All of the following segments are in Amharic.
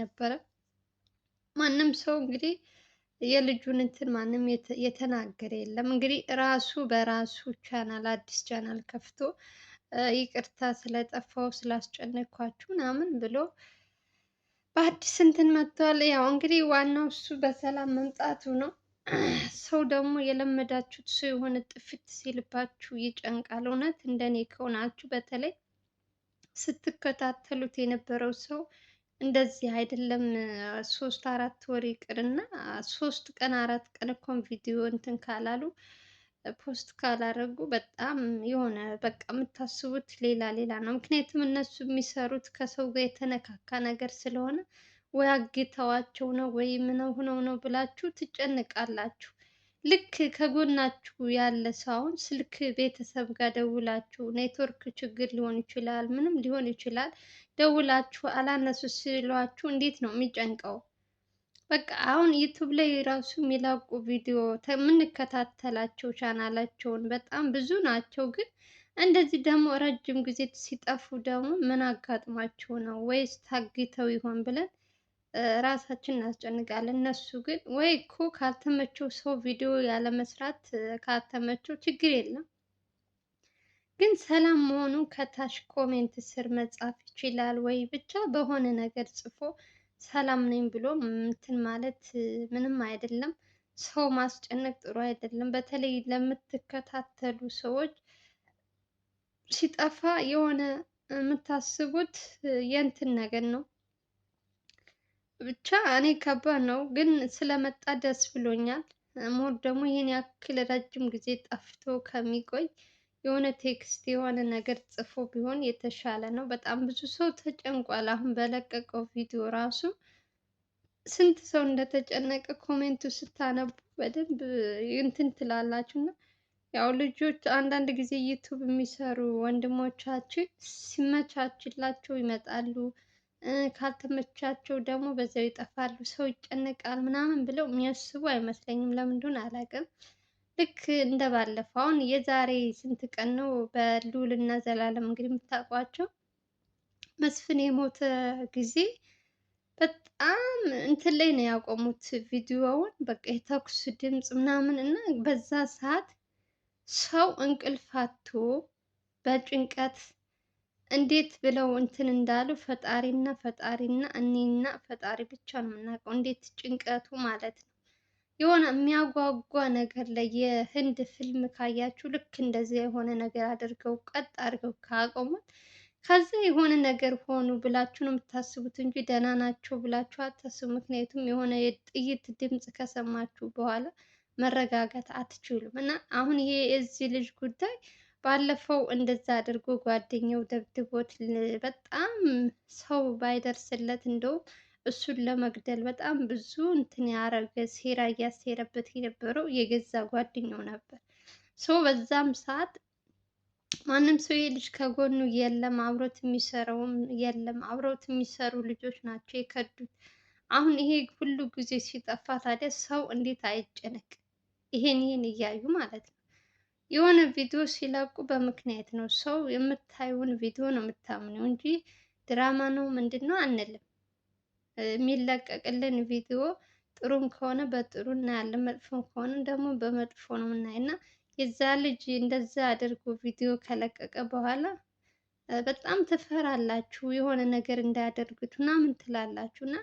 ነበረ። ማንም ሰው እንግዲህ የልጁን እንትን ማንም የተናገረ የለም። እንግዲህ ራሱ በራሱ ቻናል አዲስ ቻናል ከፍቶ ይቅርታ ስለጠፋው ስላስጨነኳችሁ ምናምን ብሎ በአዲስ እንትን መጥቷል። ያው እንግዲህ ዋናው እሱ በሰላም መምጣቱ ነው። ሰው ደግሞ የለመዳችሁት ሰው የሆነ ጥፊት ሲልባችሁ ይጨንቃል። እውነት እንደኔ ከሆናችሁ በተለይ ስትከታተሉት የነበረው ሰው እንደዚህ አይደለም ሶስት አራት ወር ይቅርና ሶስት ቀን አራት ቀን እኮን ቪዲዮ እንትን ካላሉ ፖስት ካላረጉ በጣም የሆነ በቃ የምታስቡት ሌላ ሌላ ነው። ምክንያቱም እነሱ የሚሰሩት ከሰው ጋር የተነካካ ነገር ስለሆነ ወይ አግተዋቸው ነው ወይ ምነው ሆነው ነው ብላችሁ ትጨንቃላችሁ። ልክ ከጎናችሁ ያለ ሰው አሁን ስልክ ቤተሰብ ጋር ደውላችሁ ኔትወርክ ችግር ሊሆን ይችላል፣ ምንም ሊሆን ይችላል። ደውላችሁ አላነሱ ሲሏችሁ እንዴት ነው የሚጨንቀው? በቃ አሁን ዩቱብ ላይ ራሱ የሚላቁ ቪዲዮ የምንከታተላቸው ቻናላቸውን በጣም ብዙ ናቸው። ግን እንደዚህ ደግሞ ረጅም ጊዜ ሲጠፉ ደግሞ ምን አጋጥሟቸው ነው ወይስ ታግተው ይሆን ብለን ራሳችን እናስጨንቃለን። እነሱ ግን ወይ እኮ ካልተመቸው ሰው ቪዲዮ ያለመስራት ካልተመቸው ችግር የለም። ግን ሰላም መሆኑ ከታች ኮሜንት ስር መጻፍ ይችላል ወይ ብቻ በሆነ ነገር ጽፎ ሰላም ነኝ ብሎ እንትን ማለት ምንም አይደለም። ሰው ማስጨነቅ ጥሩ አይደለም። በተለይ ለምትከታተሉ ሰዎች ሲጠፋ የሆነ የምታስቡት የእንትን ነገር ነው ብቻ እኔ ከባድ ነው፣ ግን ስለመጣ ደስ ብሎኛል። ሞር ደግሞ ይህን ያክል ረጅም ጊዜ ጠፍቶ ከሚቆይ የሆነ ቴክስት የሆነ ነገር ጽፎ ቢሆን የተሻለ ነው። በጣም ብዙ ሰው ተጨንቋል። አሁን በለቀቀው ቪዲዮ ራሱ ስንት ሰው እንደተጨነቀ ኮሜንቱ ስታነቡ በደንብ እንትን ትላላችሁ እና ያው ልጆች አንዳንድ ጊዜ ዩቱብ የሚሰሩ ወንድሞቻችን ሲመቻችላቸው ይመጣሉ። ካልተመቻቸው ደግሞ በዚያው ይጠፋሉ። ሰው ይጨነቃል ምናምን ብለው የሚያስቡ አይመስለኝም። ለምን እንደሆነ አላውቅም። ልክ እንደ ባለፈው አሁን የዛሬ ስንት ቀን ነው በልዑል እና ዘላለም እንግዲህ የምታውቋቸው መስፍን የሞተ ጊዜ በጣም እንትን ላይ ነው ያቆሙት ቪዲዮውን። በቃ የተኩስ ድምፅ ምናምን እና በዛ ሰዓት ሰው እንቅልፍ አጥቶ በጭንቀት እንዴት ብለው እንትን እንዳሉ ፈጣሪና ፈጣሪና እኔና ፈጣሪ ብቻ ነው የምናውቀው። እንዴት ጭንቀቱ ማለት ነው። የሆነ የሚያጓጓ ነገር ላይ የህንድ ፊልም ካያችሁ ልክ እንደዚያ የሆነ ነገር አድርገው ቀጥ አድርገው ካቆሙት ከዛ የሆነ ነገር ሆኑ ብላችሁ ነው የምታስቡት እንጂ ደህና ናቸው ብላችሁ አታስቡ። ምክንያቱም የሆነ የጥይት ድምፅ ከሰማችሁ በኋላ መረጋጋት አትችሉም። እና አሁን ይሄ የዚህ ልጅ ጉዳይ ባለፈው እንደዛ አድርጎ ጓደኛው ደብድቦት በጣም ሰው ባይደርስለት እንደውም እሱን ለመግደል በጣም ብዙ እንትን ያረገ ሴራ እያሴረበት የነበረው የገዛ ጓደኛው ነበር። ሶ በዛም ሰዓት ማንም ሰው ይሄ ልጅ ከጎኑ የለም፣ አብሮት የሚሰራውም የለም። አብሮት የሚሰሩ ልጆች ናቸው የከዱት። አሁን ይሄ ሁሉ ጊዜ ሲጠፋ ታዲያ ሰው እንዴት አይጨነቅ? ይሄን ይሄን እያዩ ማለት ነው። የሆነ ቪዲዮ ሲለቁ በምክንያት ነው። ሰው የምታዩን ቪዲዮ ነው የምታምነው እንጂ ድራማ ነው ምንድን ነው አንልም። የሚለቀቅልን ቪዲዮ ጥሩም ከሆነ በጥሩ እናያለን፣ መጥፎም ከሆነ ደግሞ በመጥፎ ነው የምናይና የዛ ልጅ እንደዛ አድርጎ ቪዲዮ ከለቀቀ በኋላ በጣም ትፈራላችሁ፣ የሆነ ነገር እንዳያደርጉት ምናምን ትላላችሁ እና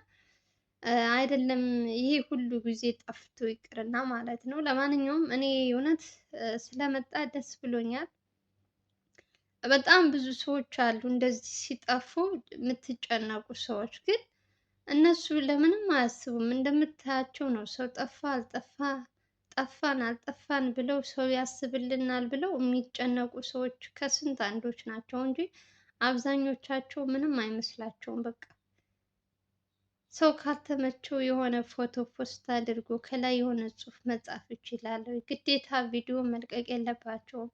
አይደለም ይሄ ሁሉ ጊዜ ጠፍቶ ይቅርና ማለት ነው። ለማንኛውም እኔ እውነት ስለመጣ ደስ ብሎኛል። በጣም ብዙ ሰዎች አሉ እንደዚህ ሲጠፉ የምትጨነቁ ሰዎች ግን እነሱ ለምንም አያስቡም። እንደምታያቸው ነው ሰው ጠፋ አልጠፋ ጠፋን አልጠፋን ብለው ሰው ያስብልናል ብለው የሚጨነቁ ሰዎች ከስንት አንዶች ናቸው እንጂ አብዛኞቻቸው ምንም አይመስላቸውም በቃ ሰው ካልተመቸው የሆነ ፎቶ ፖስት አድርጎ ከላይ የሆነ ጽሑፍ መጻፍ ይችላል። ግዴታ ቪዲዮ መልቀቅ የለባቸውም።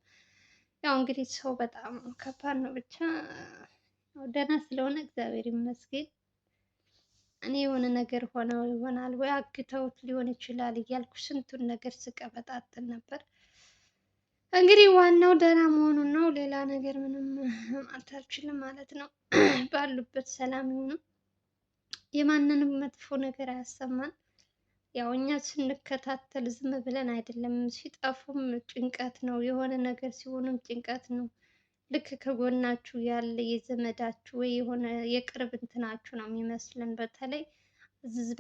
ያው እንግዲህ ሰው በጣም ከባድ ነው። ብቻ ደህና ስለሆነ እግዚአብሔር ይመስገን። እኔ የሆነ ነገር ሆነው ይሆናል ወይ አግተውት ሊሆን ይችላል እያልኩ ስንቱን ነገር ስቀበጣጥን ነበር። እንግዲህ ዋናው ደህና መሆኑን ነው። ሌላ ነገር ምንም አልችልም ማለት ነው። ባሉበት ሰላም ይሁኑ። የማንንም መጥፎ ነገር አያሰማን። ያው እኛ ስንከታተል ዝም ብለን አይደለም። ሲጠፉም ጭንቀት ነው፣ የሆነ ነገር ሲሆንም ጭንቀት ነው። ልክ ከጎናችሁ ያለ የዘመዳችሁ ወይ የሆነ የቅርብ እንትናችሁ ነው የሚመስለን። በተለይ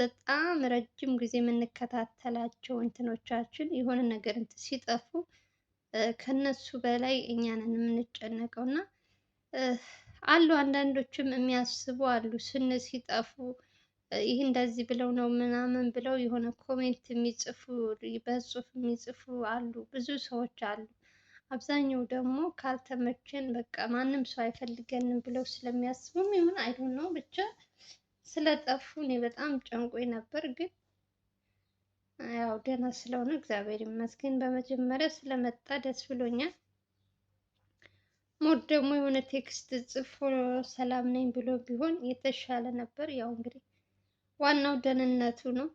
በጣም ረጅም ጊዜ የምንከታተላቸው እንትኖቻችን የሆነ ነገር እንትን ሲጠፉ ከነሱ በላይ እኛንን የምንጨነቀው እና አሉ። አንዳንዶችም የሚያስቡ አሉ ስን ሲጠፉ ይህ እንደዚህ ብለው ነው ምናምን ብለው የሆነ ኮሜንት የሚጽፉ በጽሁፍ የሚጽፉ አሉ። ብዙ ሰዎች አሉ። አብዛኛው ደግሞ ካልተመቸን በቃ ማንም ሰው አይፈልገንም ብለው ስለሚያስቡም ይሁን አይዶን ነው ብቻ ስለጠፉ እኔ በጣም ጨንቆኝ ነበር። ግን ያው ደህና ስለሆነ እግዚአብሔር ይመስገን። በመጀመሪያ ስለመጣ ደስ ብሎኛል። ሞድ ደግሞ የሆነ ቴክስት ጽፎ ሰላም ነኝ ብሎ ቢሆን የተሻለ ነበር። ያው እንግዲህ ዋናው ደህንነቱ ነው።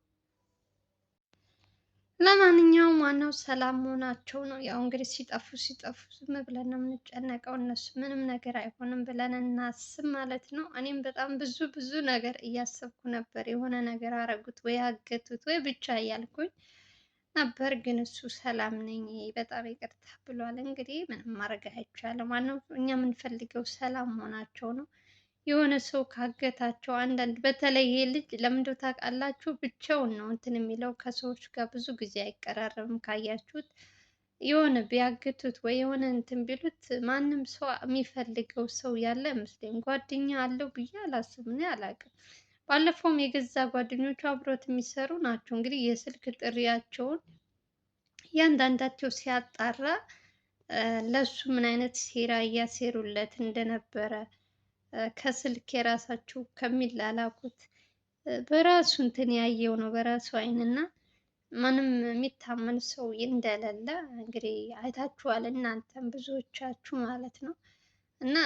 ለማንኛውም ዋናው ሰላም መሆናቸው ነው። ያው እንግዲህ ሲጠፉ ሲጠፉ ዝም ብለን ነው የምንጨነቀው። እነሱ ምንም ነገር አይሆንም ብለን እናስብ ማለት ነው። እኔም በጣም ብዙ ብዙ ነገር እያሰብኩ ነበር። የሆነ ነገር አረጉት ወይ አገቱት ወይ ብቻ እያልኩኝ ነበር። ግን እሱ ሰላም ነኝ በጣም ይቅርታ ብሏል። እንግዲህ ምንም ማድረግ አይቻልም። ዋናው እኛ የምንፈልገው ሰላም መሆናቸው ነው። የሆነ ሰው ካገታቸው አንዳንድ በተለይ ይሄ ልጅ ለምንድነው ታውቃላችሁ? ብቻውን ነው እንትን የሚለው ከሰዎች ጋር ብዙ ጊዜ አይቀራረብም። ካያችሁት የሆነ ቢያግቱት ወይ የሆነ እንትን ቢሉት ማንም ሰው የሚፈልገው ሰው ያለ አይመስለኝም። ጓደኛ አለው ብዬ አላስብም፣ እኔ አላውቅም። ባለፈውም የገዛ ጓደኞቹ አብሮት የሚሰሩ ናቸው። እንግዲህ የስልክ ጥሪያቸውን እያንዳንዳቸው ሲያጣራ ለሱ ምን አይነት ሴራ እያሴሩለት እንደነበረ ከስልክ የራሳቸው ከሚላላኩት በራሱ እንትን ያየው ነው በራሱ አይን እና ምንም የሚታመን ሰው እንደሌለ እንግዲህ አይታችኋል እናንተም ብዙዎቻችሁ ማለት ነው። እና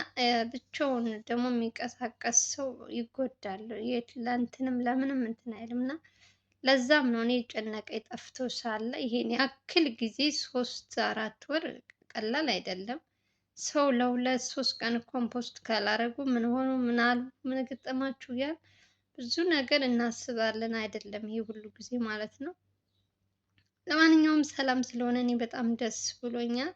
ብቻውን ደግሞ የሚንቀሳቀስ ሰው ይጎዳል። ለእንትንም ለምንም እንትን አይልም እና ለዛም ነው እኔ ጨነቀኝ ጠፍቶ ሳለ ይሄን ያክል ጊዜ ሶስት አራት ወር ቀላል አይደለም። ሰው ለሁለት ሶስት ቀን ኮምፖስት ካላረጉ ምን ሆኑ ምን አሉ ምን ገጠማችሁ እያል ብዙ ነገር እናስባለን አይደለም? ይሄ ሁሉ ጊዜ ማለት ነው። ለማንኛውም ሰላም ስለሆነ እኔ በጣም ደስ ብሎኛል።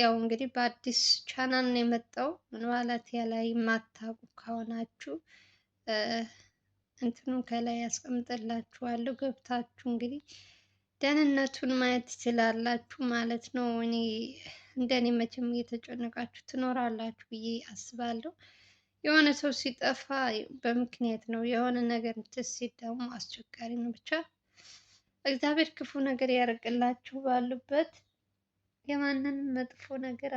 ያው እንግዲህ በአዲስ ቻናል ነው የመጣው። ምን ማለት ላይ የማታውቁ ከሆናችሁ እንትኑ ከላይ ያስቀምጥላችኋለሁ ገብታችሁ እንግዲህ ደህንነቱን ማየት ትችላላችሁ ማለት ነው። እኔ እንደኔ መቼም እየተጨነቃችሁ ትኖራላችሁ ብዬ አስባለሁ። የሆነ ሰው ሲጠፋ በምክንያት ነው። የሆነ ነገር ሲል ደግሞ አስቸጋሪ ነው። ብቻ እግዚአብሔር ክፉ ነገር ያርቅላችሁ ባሉበት የማንን መጥፎ ነገር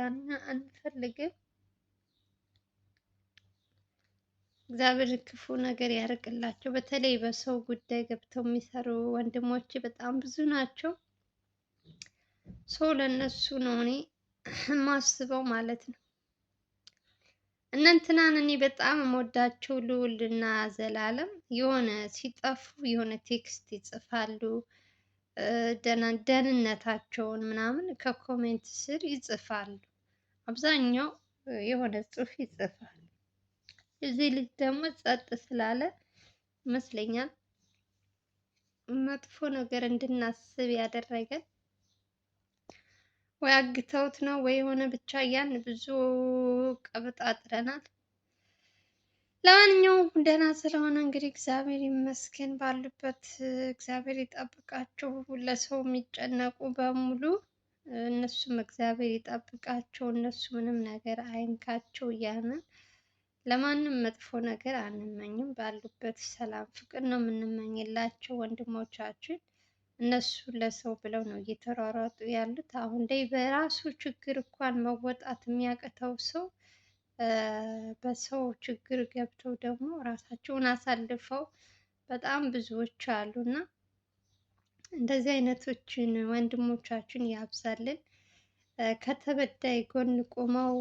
አንፈልግም። እግዚአብሔር ክፉ ነገር ያርቅላቸው። በተለይ በሰው ጉዳይ ገብተው የሚሰሩ ወንድሞች በጣም ብዙ ናቸው። ሰው ለነሱ ነው እኔ የማስበው ማለት ነው። እነንትናን እኔ በጣም የምወዳቸው ልዑል እና ዘላለም የሆነ ሲጠፉ የሆነ ቴክስት ይጽፋሉ። ደህንነታቸውን ምናምን ከኮሜንት ስር ይጽፋሉ። አብዛኛው የሆነ ጽሑፍ ይጽፋል። እዚህ ልጅ ደግሞ ጸጥ ስላለ ይመስለኛል መጥፎ ነገር እንድናስብ ያደረገን ወይ አግተውት ነው ወይ የሆነ ብቻ ያን ብዙ ቀብጣጥረናል። ለማንኛውም ደህና ስለሆነ እንግዲህ እግዚአብሔር ይመስገን። ባሉበት እግዚአብሔር ይጠብቃቸው። ለሰው የሚጨነቁ በሙሉ እነሱም እግዚአብሔር ይጠብቃቸው፣ እነሱ ምንም ነገር አይንካቸው እያልን ለማንም መጥፎ ነገር አንመኝም። ባሉበት ሰላም፣ ፍቅር ነው የምንመኝላቸው ወንድሞቻችን። እነሱ ለሰው ብለው ነው እየተሯሯጡ ያሉት። አሁን ላይ በራሱ ችግር እንኳን መወጣት የሚያቅተው ሰው በሰው ችግር ገብተው ደግሞ ራሳቸውን አሳልፈው በጣም ብዙዎች አሉ እና እንደዚህ አይነቶችን ወንድሞቻችን ያብዛልን። ከተበዳይ ጎን ቆመው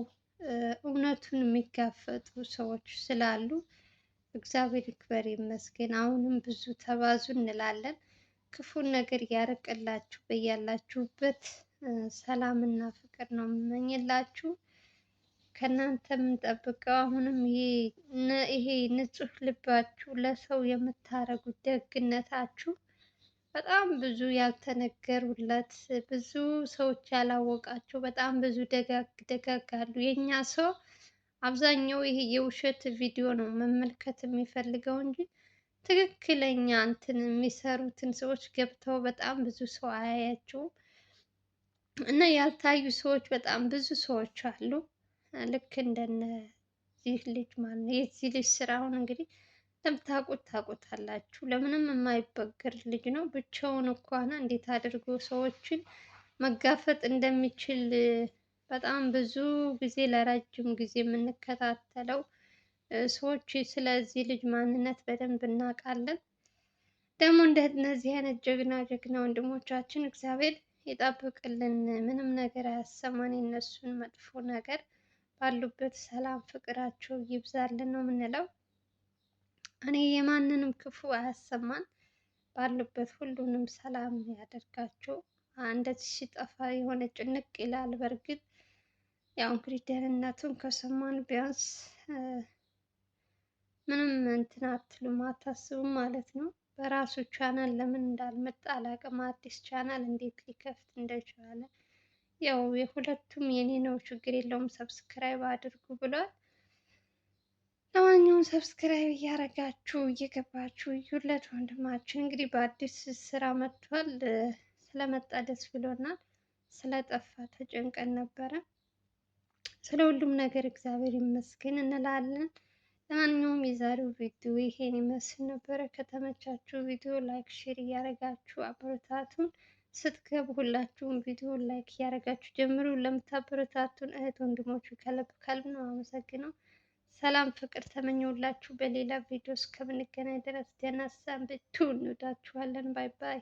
እውነቱን የሚጋፈጡ ሰዎች ስላሉ እግዚአብሔር ይክበር ይመስገን። አሁንም ብዙ ተባዙ እንላለን። ክፉን ነገር ያርቅላችሁ። በያላችሁበት ሰላምና ፍቅር ነው የምመኝላችሁ። ከእናንተ የምንጠብቀው አሁንም ይሄ ንጹህ ልባችሁ ለሰው የምታደርጉት ደግነታችሁ በጣም ብዙ ያልተነገሩለት ብዙ ሰዎች ያላወቃቸው በጣም ብዙ ደጋግ ደጋግ አሉ። የእኛ ሰው አብዛኛው ይሄ የውሸት ቪዲዮ ነው መመልከት የሚፈልገው እንጂ ትክክለኛ እንትን የሚሰሩትን ሰዎች ገብተው በጣም ብዙ ሰው አያያቸውም እና ያልታዩ ሰዎች በጣም ብዙ ሰዎች አሉ። ልክ እንደነዚህ ልጅ ማለት ነው። የዚህ ልጅ ስራውን እንግዲህ እንደምታውቁት ታውቁታላችሁ። ለምንም የማይበገር ልጅ ነው። ብቻውን እንኳን እንዴት አድርጎ ሰዎችን መጋፈጥ እንደሚችል በጣም ብዙ ጊዜ ለረጅም ጊዜ የምንከታተለው ሰዎች ስለዚህ ልጅ ማንነት በደንብ እናውቃለን። ደግሞ እንደነዚህ አይነት ጀግና ጀግና ወንድሞቻችን እግዚአብሔር ይጠብቅልን፣ ምንም ነገር አያሰማን የነሱን መጥፎ ነገር። ባሉበት ሰላም ፍቅራቸው ይብዛልን ነው የምንለው። እኔ የማንንም ክፉ አያሰማን፣ ባሉበት ሁሉንም ሰላም ያደርጋቸው። እንደዚህ ሲጠፋ የሆነ ጭንቅ ይላል። በእርግጥ ያው እንግዲህ ደህንነቱን ከሰማን ቢያንስ ምንም እንትን አትሉም አታስቡም ማለት ነው። በራሱ ቻናል ለምን እንዳልመጣ አላውቅም። አዲስ ቻናል እንዴት ሊከፍት እንደቻለ ያው የሁለቱም የኔ ነው ችግር የለውም ሰብስክራይብ አድርጉ ብሏል። ለማንኛውም ሰብስክራይብ እያደረጋችሁ እየገባችሁ እዩለት። ወንድማችን እንግዲህ በአዲስ ስራ መጥቷል። ስለመጣ ደስ ብሎናል። ስለጠፋ ተጨንቀን ነበረ። ስለ ሁሉም ነገር እግዚአብሔር ይመስገን እንላለን። ለማንኛውም የዛሬው ቪዲዮ ይሄን ይመስል ነበረ። ከተመቻችሁ ቪዲዮ ላይክ፣ ሼር እያረጋችሁ አበረታቱን። ስትገቡ ሁላችሁም ቪዲዮ ላይክ እያደረጋችሁ ጀምሩ። ለምታበረታቱን እህት ወንድሞቹ ከልብ ከልብ ነው አመሰግነው። ሰላም ፍቅር ተመኘሁላችሁ። በሌላ ቪዲዮ እስከምንገናኝ ድረስ ደህና ሰንብቱ። እንወዳችኋለን። ባይ ባይ።